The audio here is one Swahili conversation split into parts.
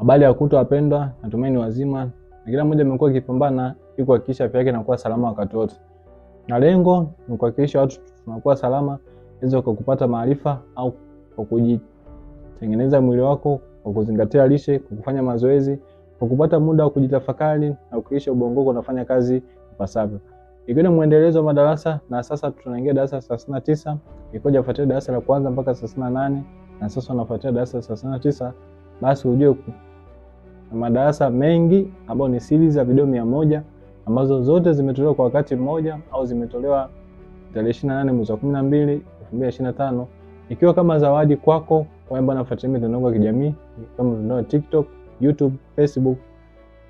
Habari ya kutwa wapendwa, natumaini wazima na kila mmoja amekuwa akipambana ili kuhakikisha afya yake inakuwa salama wakati wote, na lengo ni kuhakikisha watu tunakuwa salama, iweze kwa kupata maarifa au kwa kujitengeneza mwili wako kwa kuzingatia lishe, kwa kufanya mazoezi, kwa kupata muda wa kujitafakari na kuhakikisha ubongo wako unafanya kazi ipasavyo. Ikiwa ni mwendelezo wa madarasa na sasa tunaingia darasa la thelathini na tisa. Ikiwa hujafuatilia darasa la kwanza mpaka thelathini na nane na sasa unafuatilia darasa la thelathini na tisa, basi ujue na madarasa mengi ambayo ni series ya video mia moja ambazo zote zimetolewa kwa wakati mmoja au zimetolewa tarehe 28 mwezi wa 12 2025, ikiwa kama zawadi kwako kwa ambaye anafuatilia mitandao yangu ya kijamii kama mitandao TikTok, YouTube, Facebook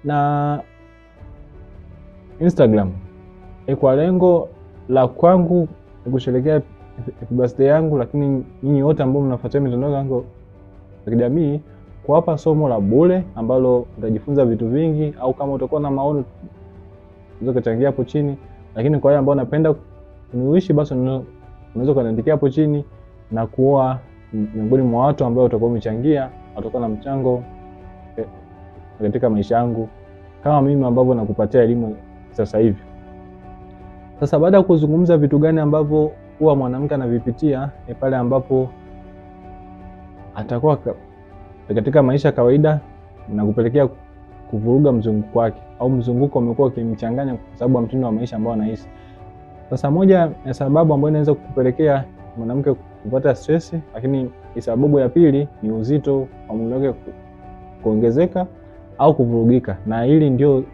na Instagram, e, kwa lengo la kwangu ni kusherehekea birthday yangu, lakini nyinyi wote ambao mnafuatilia mitandao yangu ya kijamii kuwapa somo la bure ambalo utajifunza vitu vingi, au kama utakuwa na maoni unaweza kuchangia hapo chini. Lakini kwa wale ambao napenda kuniwishi, basi unaweza kuniandikia hapo chini na kuwa miongoni mwa watu ambao utakuwa umechangia, utakuwa na mchango eh, katika maisha yangu kama mimi ambavyo nakupatia elimu sasa hivi. Sasa baada ya kuzungumza vitu gani ambavyo huwa mwanamke anavipitia, ni pale ambapo atakuwa katika maisha ya kawaida na kupelekea kuvuruga mzunguko wake au mzunguko umekuwa ukimchanganya kwa sababu ya mtindo wa maisha ambao anaishi. Sasa moja ya sababu ambayo inaweza kupelekea mwanamke kupata stress, lakini sababu ya pili ni uzito wa mwili wake kuongezeka au kuvurugika, na hili ndio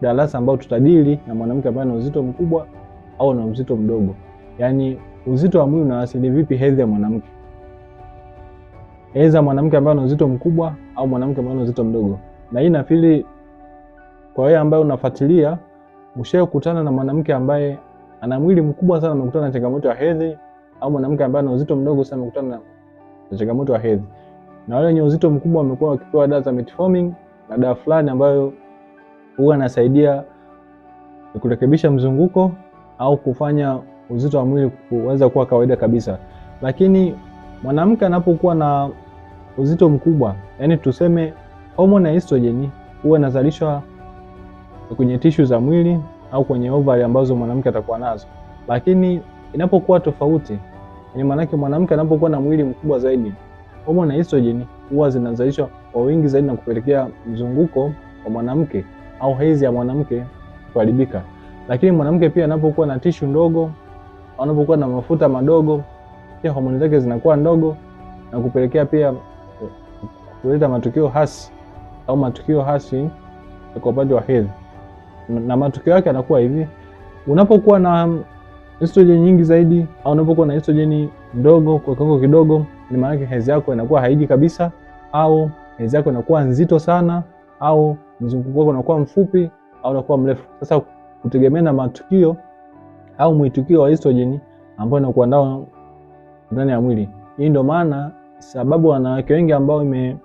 darasa ambao tutajili na mwanamke ambaye ana uzito mkubwa au na uzito mdogo, yaani uzito wa mwili unawasili vipi hedhi ya mwanamke. Aidha mwanamke ambaye ana uzito mkubwa au mwanamke ambaye ana uzito mdogo. Na hii nafili kwa wewe ambaye unafuatilia ushawahi na mwanamke ambaye ana mwili mkubwa sana amekutana na changamoto ya hedhi au mwanamke ambaye ana uzito mdogo sana amekutana na changamoto ya hedhi. Na wale wenye uzito mkubwa wamekuwa wakipewa dawa za metformin na dawa fulani ambayo huwa inasaidia kurekebisha mzunguko au kufanya uzito wa mwili kuweza kuwa kawaida kabisa. Lakini mwanamke anapokuwa na uzito mkubwa, yaani tuseme homoni ya estrogen huwa inazalishwa kwenye tishu za mwili au kwenye ovari ambazo mwanamke atakuwa nazo, lakini inapokuwa tofauti, ni yaani maanake mwanamke anapokuwa na mwili mkubwa zaidi, homoni ya estrogen huwa zinazalishwa kwa wingi zaidi na kupelekea mzunguko wa mwanamke au hedhi ya mwanamke kuharibika. Lakini mwanamke pia anapokuwa na tishu ndogo, anapokuwa na mafuta madogo, pia homoni zake zinakuwa ndogo na kupelekea pia kuleta matukio hasi au matukio hasi kwa upande wa hedhi, na matukio yake yanakuwa hivi: unapokuwa na estrogen nyingi zaidi au unapokuwa na estrogen ndogo kwa kiwango kidogo, ni maana yake hedhi yako inakuwa haiji kabisa, au hedhi yako inakuwa nzito sana, au mzunguko wako unakuwa mfupi au unakuwa mrefu. Sasa kutegemea na matukio au mwitukio wa estrogen ambao inakuwa ndani ya mwili. Hii ndio maana sababu wanawake wengi ambao ime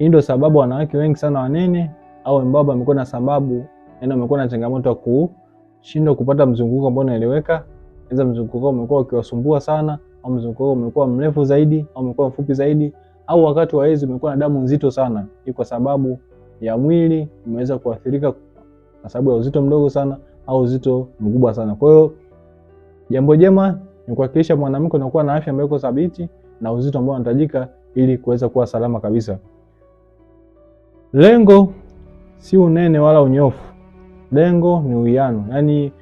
hii ndio sababu wanawake wengi sana wanene au wembamba wamekuwa na sababu, yaani wamekuwa na changamoto ya kushindwa kupata mzunguko ambao unaeleweka. Inaweza mzunguko umekuwa ukiwasumbua sana, au mzunguko umekuwa mrefu zaidi, au umekuwa mfupi zaidi, au wakati wa hedhi umekuwa na damu nzito sana. Hii kwa sababu ya mwili umeweza kuathirika kwa sababu ya uzito mdogo sana au uzito mkubwa sana. Kwa hiyo jambo jema ni kuhakikisha mwanamke anakuwa na afya ambayo iko thabiti na uzito ambao unahitajika ili kuweza kuwa salama kabisa. Lengo si unene wala unyofu, lengo ni uwiano. Yaani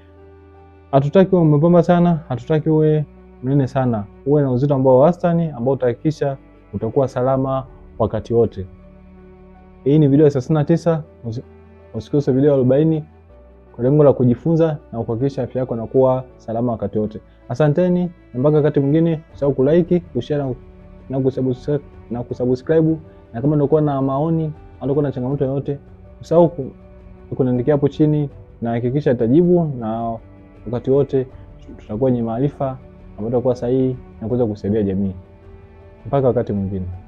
hatutaki uwe mwembamba sana, hatutaki uwe mnene sana, uwe na uzito ambao wastani, ambao utahakikisha utakuwa salama wakati wote. Hii ni video ya thelathini na tisa. Usikose video ya 40 kwa lengo la kujifunza na kuhakikisha afya yako inakuwa salama wakati wote. Asanteni na mpaka wakati mwingine, usahau kulike, kushare na kusubscribe na kama unakuwa na maoni alikuwa na changamoto yoyote, usahau kuniandikia hapo chini na hakikisha nitajibu, na wakati wote tutakuwa wenye maarifa ambayo tutakuwa sahihi na kuweza kusaidia jamii. Mpaka wakati mwingine.